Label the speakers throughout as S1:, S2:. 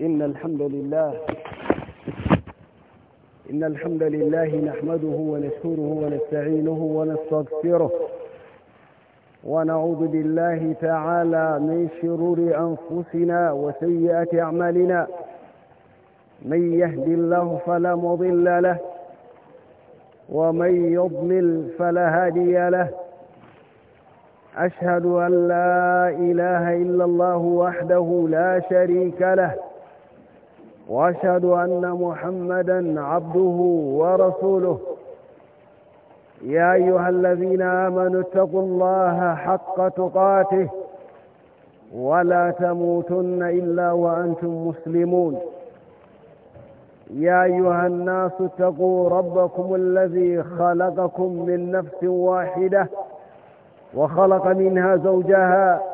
S1: إن الحمد لله إن الحمد لله نحمده ونشكره ونستعينه ونستغفره ونعوذ بالله تعالى من شرور أنفسنا وسيئات أعمالنا من يهد الله فلا مضل له ومن يضلل فلا هادي له أشهد أن لا إله إلا الله وحده لا شريك له واشهد ان محمدا عبده ورسوله يا ايها الذين امنوا اتقوا الله حق تقاته ولا تموتن الا وانتم مسلمون يا ايها الناس اتقوا ربكم الذي خلقكم من نفس واحده وخلق منها زوجها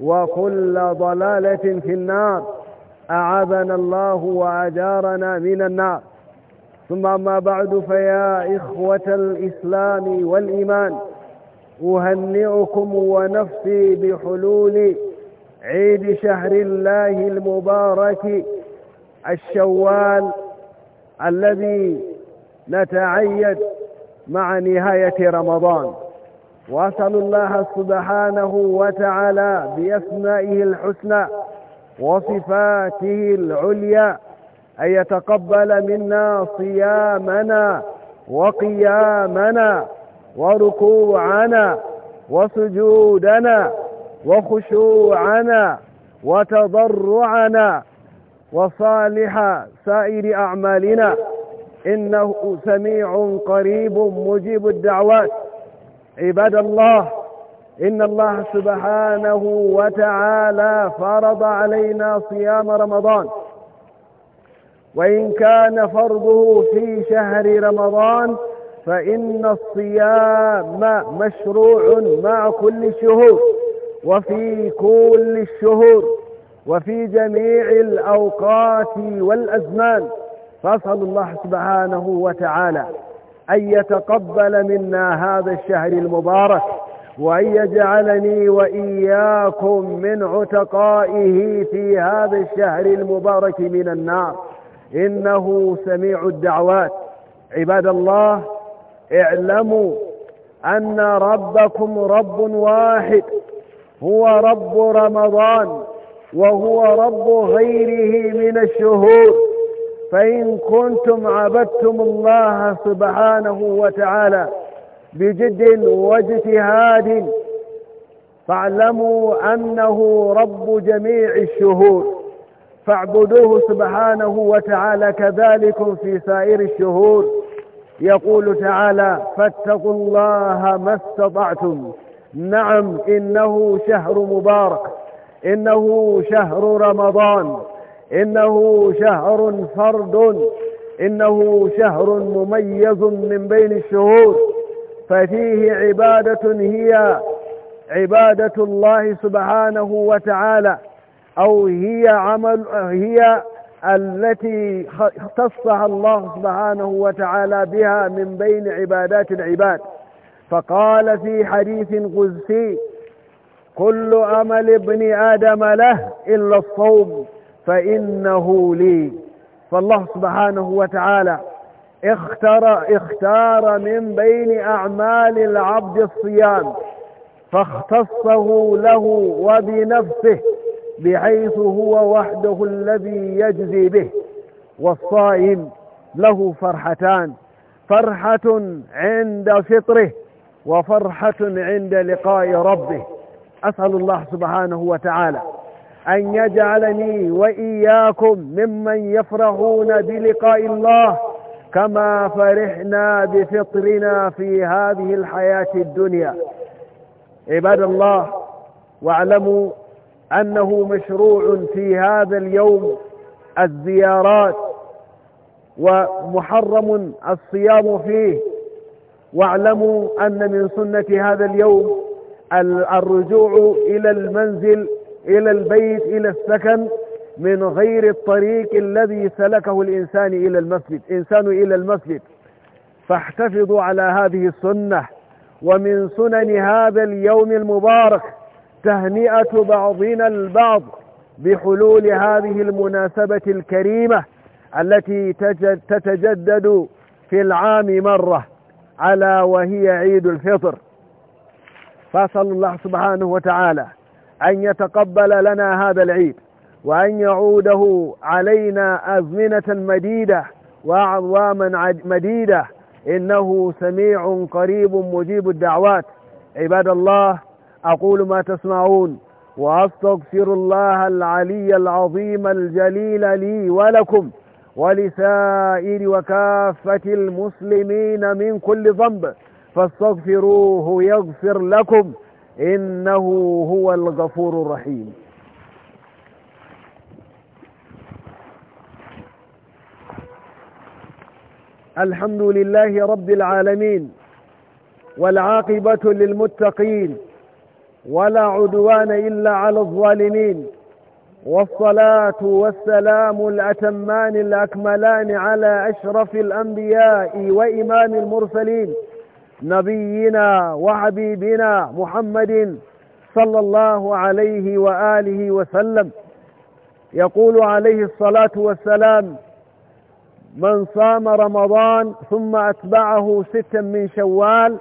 S1: وكل ضلالة في النار أعاذنا الله وأجارنا من النار ثم أما بعد فيا إخوة الإسلام والإيمان أهنئكم ونفسي بحلول عيد شهر الله المبارك الشوال الذي نتعيد مع نهاية رمضان وأسأل الله سبحانه وتعالى بأسمائه الحسنى وصفاته العليا أن يتقبل منا صيامنا وقيامنا وركوعنا وسجودنا وخشوعنا وتضرعنا وصالح سائر أعمالنا إنه سميع قريب مجيب الدعوات عباد الله إن الله سبحانه وتعالى فرض علينا صيام رمضان وإن كان فرضه في شهر رمضان فإن الصيام مشروع مع كل الشهور وفي كل الشهور وفي جميع الأوقات والأزمان فأسأل الله سبحانه وتعالى أن يتقبل منا هذا الشهر المبارك وأن يجعلني وإياكم من عتقائه في هذا الشهر المبارك من النار إنه سميع الدعوات عباد الله اعلموا أن ربكم رب واحد هو رب رمضان وهو رب غيره من الشهور فإن كنتم عبدتم الله سبحانه وتعالى بجد واجتهاد فاعلموا أنه رب جميع الشهور فاعبدوه سبحانه وتعالى كذلك في سائر الشهور يقول تعالى فاتقوا الله ما استطعتم نعم إنه شهر مبارك إنه شهر رمضان إنه شهر فرد إنه شهر مميز من بين الشهور ففيه عبادة هي عبادة الله سبحانه وتعالى أو هي عمل هي التي اختصها الله سبحانه وتعالى بها من بين عبادات العباد فقال في حديث قدسي كل عمل ابن آدم له إلا الصوم فإنه لي فالله سبحانه وتعالى اختار, اختار من بين أعمال العبد الصيام فاختصه له وبنفسه بحيث هو وحده الذي يجزي به والصائم له فرحتان فرحة عند فطره وفرحة عند لقاء ربه أسأل الله سبحانه وتعالى أن يجعلني وإياكم ممن يفرحون بلقاء الله كما فرحنا بفطرنا في هذه الحياة الدنيا عباد الله واعلموا أنه مشروع في هذا اليوم الزيارات ومحرم الصيام فيه واعلموا أن من سنة هذا اليوم الرجوع إلى المنزل إلى البيت إلى السكن من غير الطريق الذي سلكه الإنسان إلى المسجد إنسان إلى المسجد فاحتفظوا على هذه السنة ومن سنن هذا اليوم المبارك تهنئة بعضنا البعض بحلول هذه المناسبة الكريمة التي تتجدد في العام مرة على وهي عيد الفطر فأسأل الله سبحانه وتعالى أن يتقبل لنا هذا العيد وأن يعوده علينا أزمنة مديدة وأعواما مديدة إنه سميع قريب مجيب الدعوات عباد الله أقول ما تسمعون وأستغفر الله العلي العظيم الجليل لي ولكم ولسائر وكافة المسلمين من كل ذنب فاستغفروه يغفر لكم إنه هو الغفور الرحيم الحمد لله رب العالمين والعاقبة للمتقين ولا عدوان إلا على الظالمين والصلاة والسلام الأتمان الأكملان على أشرف الأنبياء وإمام المرسلين نبينا وحبيبنا محمد صلى الله عليه وآله وسلم يقول عليه الصلاة والسلام من صام رمضان ثم أتبعه ستا من شوال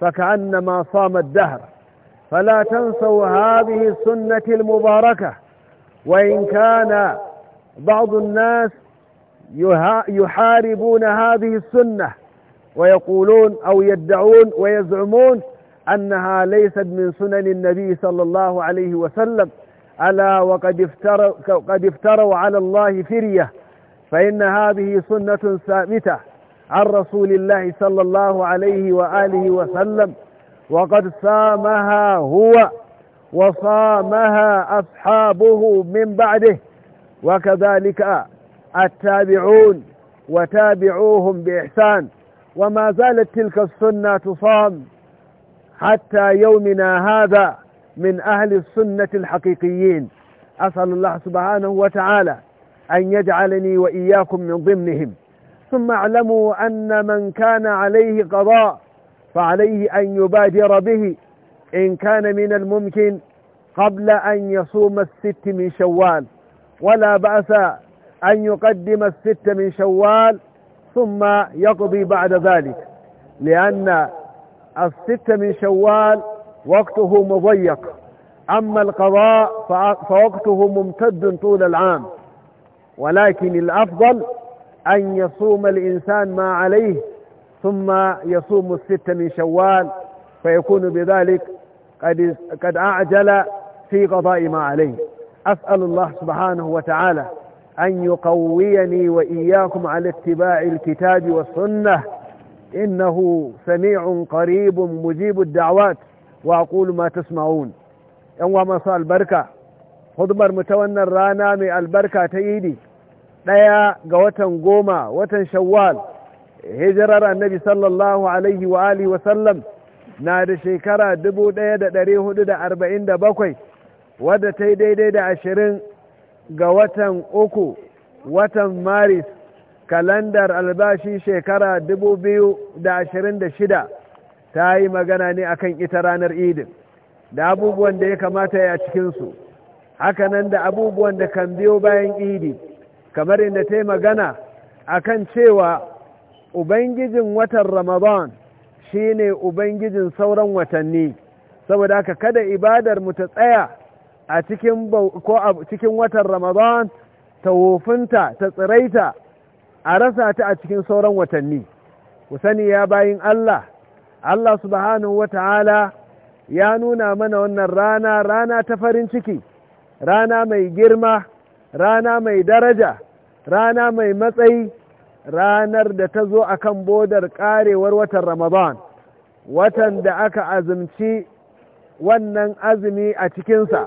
S1: فكأنما صام الدهر فلا تنسوا هذه السنة المباركة وإن كان بعض الناس يحاربون هذه السنة ويقولون أو يدعون ويزعمون أنها ليست من سنن النبي صلى الله عليه وسلم ألا وقد افتروا, قد افتروا على الله فرية فإن هذه سنة ثابتة عن رسول الله صلى الله عليه وآله وسلم وقد صامها هو وصامها أصحابه من بعده وكذلك التابعون وتابعوهم بإحسان وما زالت تلك السنة تصام حتى يومنا هذا من أهل السنة الحقيقيين أسأل الله سبحانه وتعالى أن يجعلني وإياكم من ضمنهم ثم اعلموا أن من كان عليه قضاء فعليه أن يبادر به إن كان من الممكن قبل أن يصوم الست من شوال ولا بأس أن يقدم الست من شوال ثم يقضي بعد ذلك لأن الست من شوال وقته مضيق أما القضاء فوقته ممتد طول العام ولكن الأفضل أن يصوم الإنسان ما عليه ثم يصوم الست من شوال فيكون بذلك قد, قد أعجل في قضاء ما عليه أسأل الله سبحانه وتعالى أن يقويني وإياكم على اتباع الكتاب والسنة إنه سميع قريب مجيب الدعوات وأقول ما تسمعون وما مساء البركة خضبر متونا الرانامي البركة تيدي ليا قوتن قوما وتن شوال هجرر النبي صلى الله عليه وآله وسلم نار شكرا دبو ديدا دريه ددا أربعين دا بكوي ودا تيدي ديدا عشرين ga watan uku watan maris kalandar albashi shekara da ashirin 2026 ta yi magana ne akan ita ranar idin da abubuwan da ya kamata ya cikinsu hakanan da abubuwan da kan biyo bayan idi kamar inda ta yi magana akan cewa ubangijin watan ramadan shine ubangijin sauran watanni saboda haka kada ibadar mu ta tsaya a cikin ko a cikin watan ramadan ta wofinta ta tsiraita a rasa ta a cikin sauran watanni ku sani ya bayin Allah Allah subhanahu wata'ala ya nuna mana wannan rana rana ta farin ciki rana mai girma rana mai daraja rana mai matsayi ranar da ta zo a kan bodar karewar watan ramadan watan da aka azumci wannan azumi a cikinsa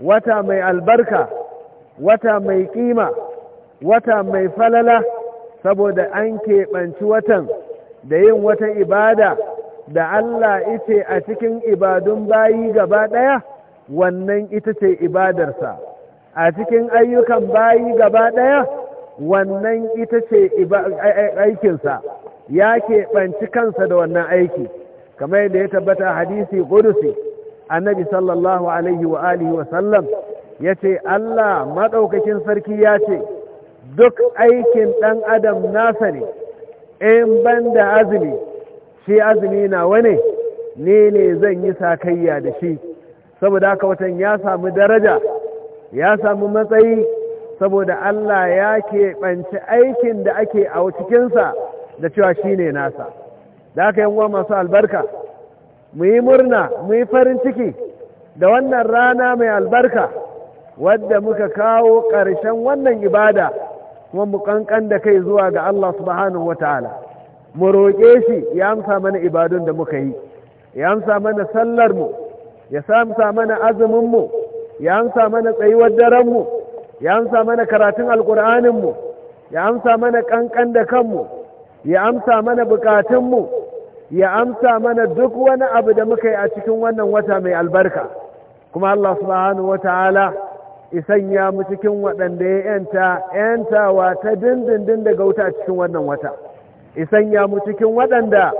S1: wata mai albarka wata mai kima wata mai falala saboda an keɓanci watan da yin wata ibada da Allah ita a cikin ibadun bayi gaba ɗaya wannan ita ce ibadarsa a cikin ayyukan bayi gaba ɗaya wannan ita ce aikinsa ya keɓanci kansa da wannan aiki kamar yadda ya tabbata hadisi gudusi annabi sallallahu alaihi wa alihi wa sallam ya ce Allah maɗaukakin sarki ya ce duk aikin ɗan adam nasa ne in ban da azumi shi azumi na wane ne ne zan yi sakayya da shi saboda haka watan ya samu daraja ya samu matsayi saboda Allah ya keɓanci aikin da ake a cikinsa da cewa shi ne nasa da aka yi masu albarka mu yi murna mu yi farin ciki da wannan rana mai albarka wadda muka kawo ƙarshen wannan ibada kuma mu ƙanƙan da kai zuwa ga Allah subhanahu ta'ala, mu roƙe shi ya amsa mana ibadun da muka yi ya amsa mana sallar mu ya amsa mana azumin mu ya amsa mana tsayuwar daren mu ya amsa mana karatun alkur'anin mu ya amsa mana ƙanƙan da kanmu ya amsa mana bukatun mu ya amsa mana duk wani abu da muka yi a cikin wannan wata mai albarka kuma Allah subhanahu isan ya mu cikin waɗanda ya yanta yantawa ta dindindin daga wuta a cikin wannan wata ya mu cikin waɗanda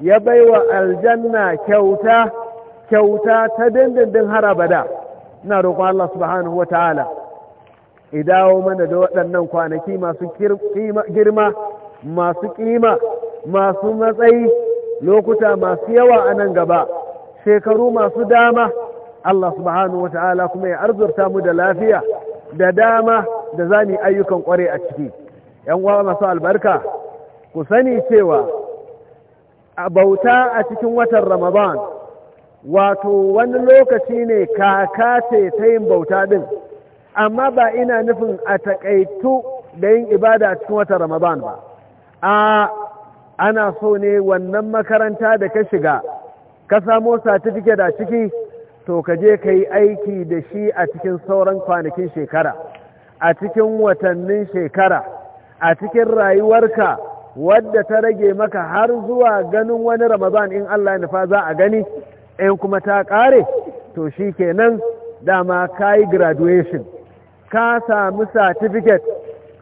S1: ya baiwa aljanna kyauta kyauta ta dindindin har abada ina roƙon Allah subhanahu ta'ala idawo mana da waɗannan kwanaki masu girma masu kima masu matsayi lokuta masu yawa a nan gaba shekaru masu dama Allah subhanahu wata'ala kuma ya arzurta mu da lafiya da dama da zani ayyukan kware a ciki yan uwa masu albarka ku sani cewa a bauta a cikin watan ramadan wato wani lokaci ne kaka ce ta yin bauta din amma ba ina nufin a takaitu da yin ibada a cikin watan ramadan ba a ana so ne wannan makaranta da ka shiga ka samo certificate a ciki to ka je ka yi aiki da shi a cikin sauran kwanakin shekara a cikin watannin shekara a cikin rayuwarka wadda ta rage maka har zuwa ganin wani ramadan in Allah ya nufa za a gani in kuma ta ƙare to shi kenan dama ka yi graduation ka samu satifiket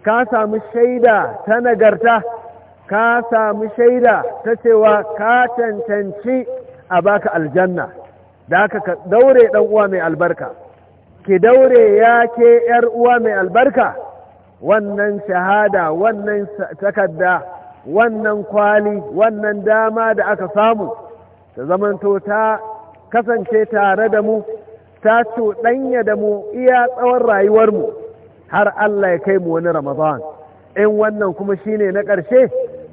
S1: ka samu shaida ta nagarta ka samu shaida ta cewa ka cancanci a baka aljanna da aka ka daure ɗan uwa mai albarka ki daure ya ke yar uwa mai albarka wannan shahada wannan takarda wannan kwali wannan dama da aka samu ta zamanto ta kasance tare da mu ta cuɗanya da mu iya tsawon rayuwarmu har Allah ya kai mu wani Ramadan in wannan kuma shine na ƙarshe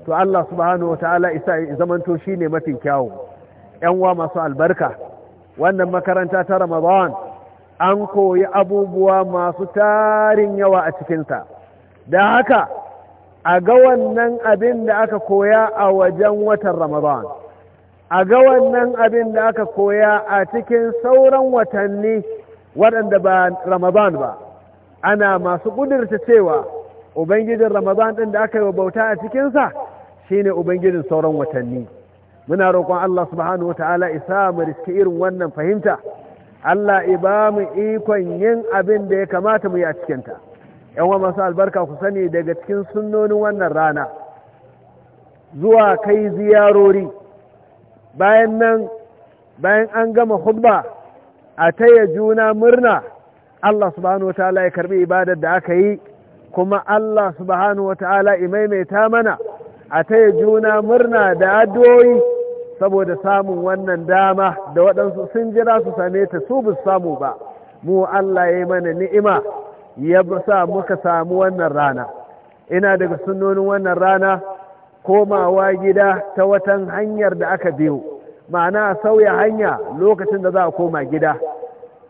S1: to Allah subhanahu wa ta'ala isa zamanto shi ne mafi kyawu uwa masu albarka wannan makaranta ta ramadan an koyi abubuwa masu tarin yawa a cikinsa da haka a ga wannan abin da aka koya a wajen watan ramadan a ga wannan abin da aka koya a cikin sauran watanni waɗanda ba ramadan ba ana masu ƙudurta cewa ubangijin ramadan ɗin da aka yi wa bauta a cikinsa shine ubangijin sauran watanni muna roƙon Allah subhanahu wataala isa mu riski irin wannan fahimta Allah iba mu ikon yin abin da ya kamata mu yi a cikinta yan wa masu albarka ku sani daga cikin sunnonin wannan rana zuwa kai ziyarori bayan nan bayan an gama hudba a taya juna murna Allah subhanahu wataala ya karbi ibadar da aka yi kuma Allah subhanahu wataala maimaita mana a taya juna murna da addu'o'i saboda samun wannan dama da waɗansu sun jira su same ta su bu samu ba mu Allah ya yi mana ni'ima ya sa muka samu wannan rana ina daga sunonin wannan rana komawa gida ta watan hanyar da aka biyu ma'ana sauya hanya lokacin da za a koma gida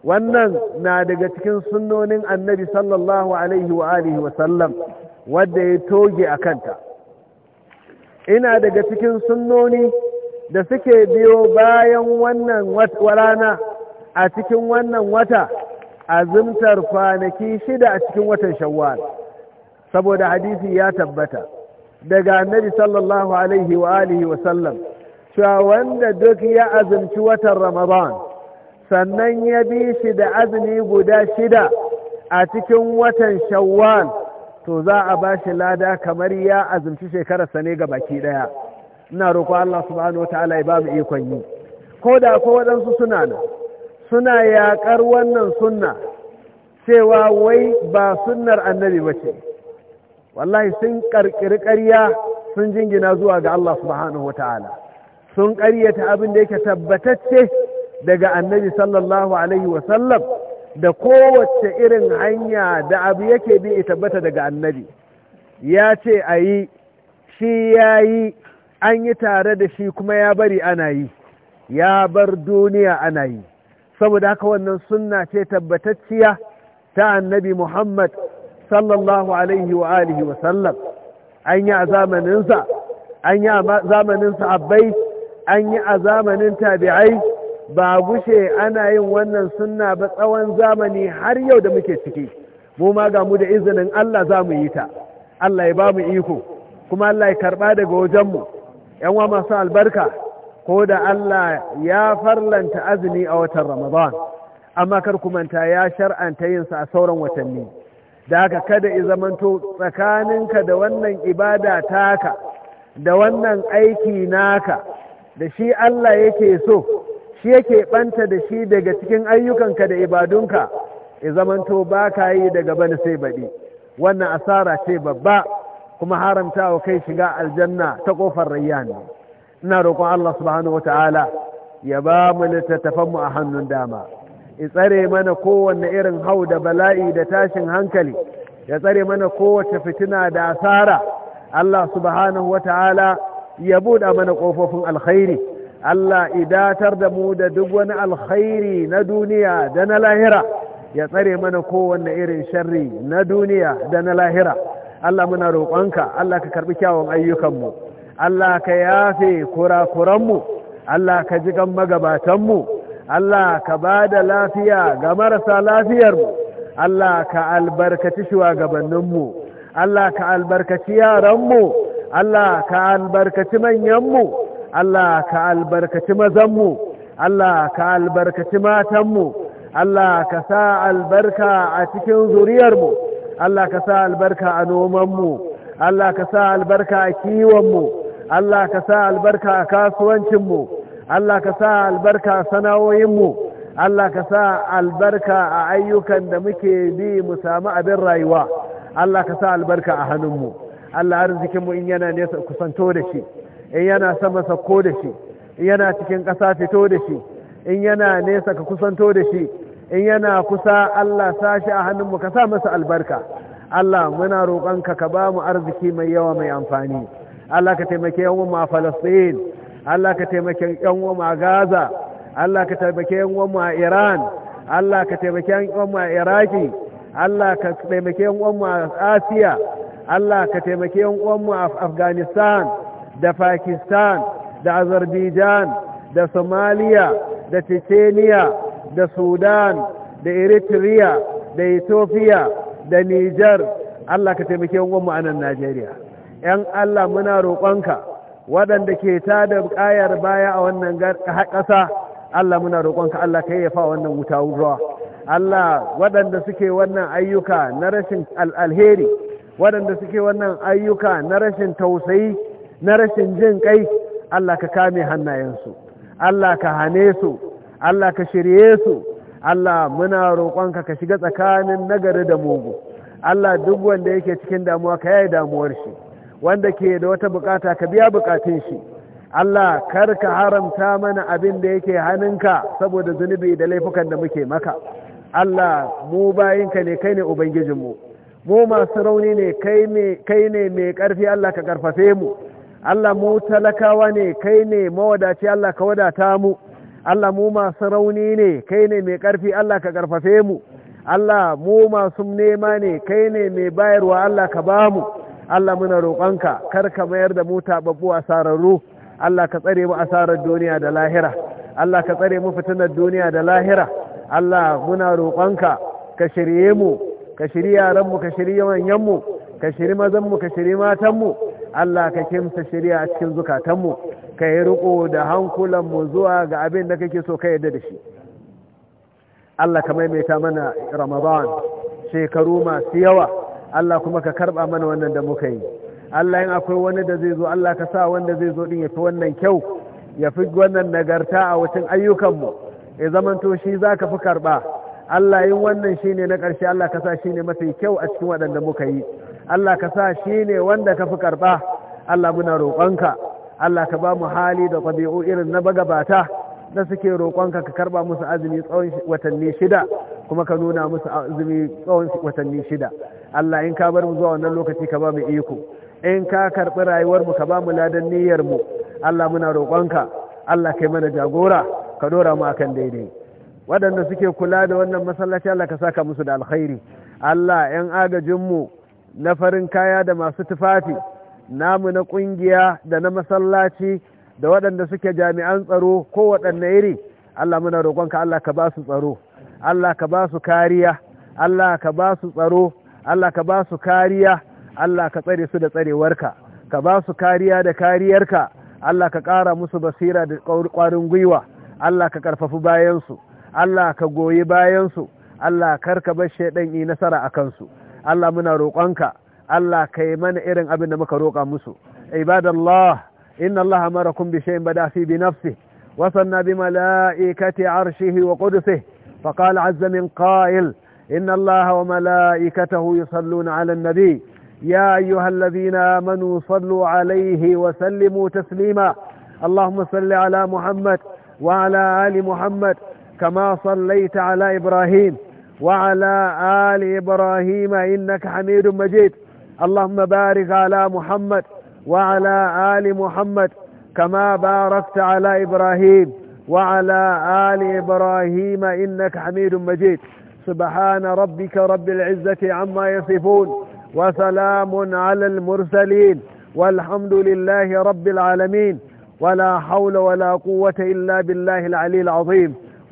S1: wannan na daga cikin sunnonin annabi sallallahu alaihi wa alihi wa sallam wadda ya toge a kanta ina daga cikin sunnoni da suke biyo bayan wannan rana a cikin wannan wata azumtar kwanaki shida a cikin watan shawwal saboda hadisi ya tabbata daga annabi sallallahu alaihi wa alihi wa sallam cewa wanda duk ya azumci watan ramadan sannan ya bi shi da azumi guda shida a cikin watan shawwal to za a ba shi lada kamar ya azumci shekararsa ne ga baki ɗaya ina roƙo Allah subhanahu wa ta'ala ya ba mu ikon yi ko da ko waɗansu suna nan suna yaƙar wannan sunna cewa wai ba sunnar annabi ba ce wallahi sun ƙarƙiri ƙarya sun jingina zuwa ga Allah subhanahu wa ta'ala sun ƙaryata abin da yake tabbatacce daga annabi sallallahu alaihi wa sallam da kowace irin hanya da abu yake bi a tabbata daga annabi ya ce a yi shi ya yi an yi tare da shi kuma ya bari ana yi ya bar duniya ana yi saboda haka wannan sunna ce tabbatacciya ta annabi muhammad sallallahu alaihi wa alihi wa sallam an yi a zamaninsa an yi a zamanin sahabbai an yi a zamanin tabi'ai ba gushe ana yin wannan sunna ba tsawon zamani har yau da muke ciki mu ma ga mu da izinin Allah za mu yi ta Allah ya ba mu iko kuma Allah ya karba daga wajenmu yan masu albarka ko da Allah ya farlanta azumi a watan Ramadan amma kar ku manta ya shar'anta yin sa a sauran watanni da haka kada i zamanto tsakaninka da wannan ibada taka da wannan aiki naka da shi Allah yake so shi yake ɓanta da shi daga cikin ayyukanka da ibadunka ya zamanto ba ka yi daga bani sai baɗi wannan asara ce babba kuma haramta wa kai shiga aljanna ta ƙofar rayyan ina roƙon Allah subhanahu wa ta'ala ya ba mu littattafan mu a hannun dama ya tsare mana kowanne irin hau da bala'i da tashin hankali ya tsare mana kowace fitina da asara Allah subhanahu wa ta'ala ya buɗa mana ƙofofin alkhairi Allah idatar da mu da duk wani alkhairi na duniya da na lahira ya tsare mana kowanne irin sharri na duniya da na lahira Allah muna roƙonka Allah ka karbi kyawun ayyukanmu Allah ka yafe kurakuranmu Allah ka ji kan magabatanmu Allah ka ba da lafiya ga marasa lafiyarmu Allah ka albarkaci shugabanninmu Allah ka albarkaci yaranmu Allah ka albarkaci manyanmu Allah ka albarkaci mazanmu Allah ka albarkaci matanmu Allah ka sa albarka a cikin zuriyarmu Allah ka sa albarka a nomanmu Allah ka sa albarka a kiwonmu Allah ka sa albarka a kasuwancinmu Allah ka sa albarka a sana'o'inmu Allah ka sa albarka a ayyukan da muke bi mu samu abin rayuwa Allah ka sa albarka a hannunmu Allah arzikinmu in yana nesa kusanto da shi in yana sama sako da shi in yana cikin ƙasa fito da shi in yana nesa ka kusanto da shi in yana kusa Allah sashi a hannunmu ka sa masa albarka Allah muna roƙonka ka ba mu arziki mai yawa mai amfani Allah ka taimake yan a Falastin Allah ka taimake yan a Gaza Allah ka taimake yan a Iran Allah ka taimake yan a Iraki Allah ka taimake yan a Asiya Allah ka taimake yan a Afghanistan da pakistan da azerbaijan da somalia da chechenia da sudan da eritrea da ethiopia da niger allah ka taimake mu a nan najeriya yan allah muna roƙonka waɗanda ke tada ƙayar baya a wannan ƙasa allah muna roƙonka allah ka yi wannan wuta ruwa allah waɗanda suke wannan ayyuka na rashin alheri waɗanda suke wannan ayyuka na rashin tausayi na rashin jin kai Allah ka kame hannayensu Allah ka hane su Allah ka shirye su Allah muna roƙonka ka shiga tsakanin nagari da mugu Allah duk wanda yake cikin damuwa ka yayi damuwar shi wanda ke da wata bukata ka biya bukatun shi Allah kar ka haramta mana abin da yake hannunka saboda zunubi da laifukan da muke maka Allah mu bayinka ne kai ne ubangijinmu mu masu rauni ne kai ne mai ƙarfi Allah ka ƙarfafe mu Allah mu talakawa ne kai ne mawadaci Allah ka wadata mu Allah mu masu rauni ne kai ne mai ƙarfi Allah ka ƙarfafe mu Allah mu masu nema ne kai ne mai bayarwa Allah ka ba mu Allah muna roƙonka kar ka mayar da mu taɓaɓɓu asararru Allah ka tsare mu asarar duniya da lahira Allah ka tsare mu fitinar duniya da lahira Allah muna roƙonka ka shirye mu ka shirye yaranmu ka shirye manyanmu ka shirye mazanmu ka shirye matanmu Allah ka kimsa shari'a a cikin zukatanmu ka yi riko da hankulanmu zuwa ga abin da kake so ka yarda da shi Allah ka maimaita mana Ramadan shekaru masu yawa Allah kuma ka karba mana wannan da muka yi Allah yin akwai wani da zai zo Allah ka sa wanda zai zo din ya fi wannan kyau ya fi wannan nagarta a wucin ayyukanmu ya zamanto shi za ka fi karɓa. Allah yin wannan shine na ƙarshe Allah ka sa shine mafi kyau a cikin waɗanda muka yi Allah ka sa shine wanda ka fi karɓa Allah muna roƙonka Allah ka ba mu hali da ƙabi'u irin na bagabata da suke roƙonka ka karɓa musu azumi tsawon watanni shida kuma ka nuna musu azumi tsawon watanni shida Allah in ka bar mu zuwa wannan lokaci ka ba mu iko in ka karɓi rayuwar mu ka ba mu ladan niyyar mu Allah muna roƙonka Allah kai mana jagora ka dora mu akan daidai waɗanda suke kula da wannan masallaci Allah ka saka musu da alkhairi Allah 'yan agajinmu na farin kaya da masu tufafi namu na ƙungiya da na masallaci da waɗanda suke jami'an tsaro ko waɗanne iri Allah muna roƙonka Allah ka ba su tsaro Allah ka ba su kariya Allah ka ba su tsaro Allah ka ba su kariya Allah ka tsare su da tsarewarka ka ba su kariya da kariyarka Allah ka ƙara musu basira da ƙwarin gwiwa Allah ka ƙarfafi bayansu Allah ka goyi bayansu Allah kar ka bar shedan yi nasara akan su Allah muna roƙonka Allah ka yi mana irin abin da muka roƙa musu ibadallah inna Allah amarakum bi shay'in bada fi bi nafsi wa wa sanna bi malaikati arshihi وصلنا بملائكة عرشه وقدسه فقال عز من قائل إن الله وملائكته يصلون على النبي يا أيها amanu sallu 'alayhi wa sallimu taslima اللهم صل على محمد وعلى آل محمد كما صليت على إبراهيم وعلى آل إبراهيم إنك حميد مجيد اللهم بارك على محمد وعلى آل محمد كما باركت على إبراهيم وعلى آل إبراهيم إنك حميد مجيد سبحان ربك رب العزة عما يصفون وسلام على المرسلين والحمد لله رب العالمين ولا حول ولا قوة إلا بالله العلي العظيم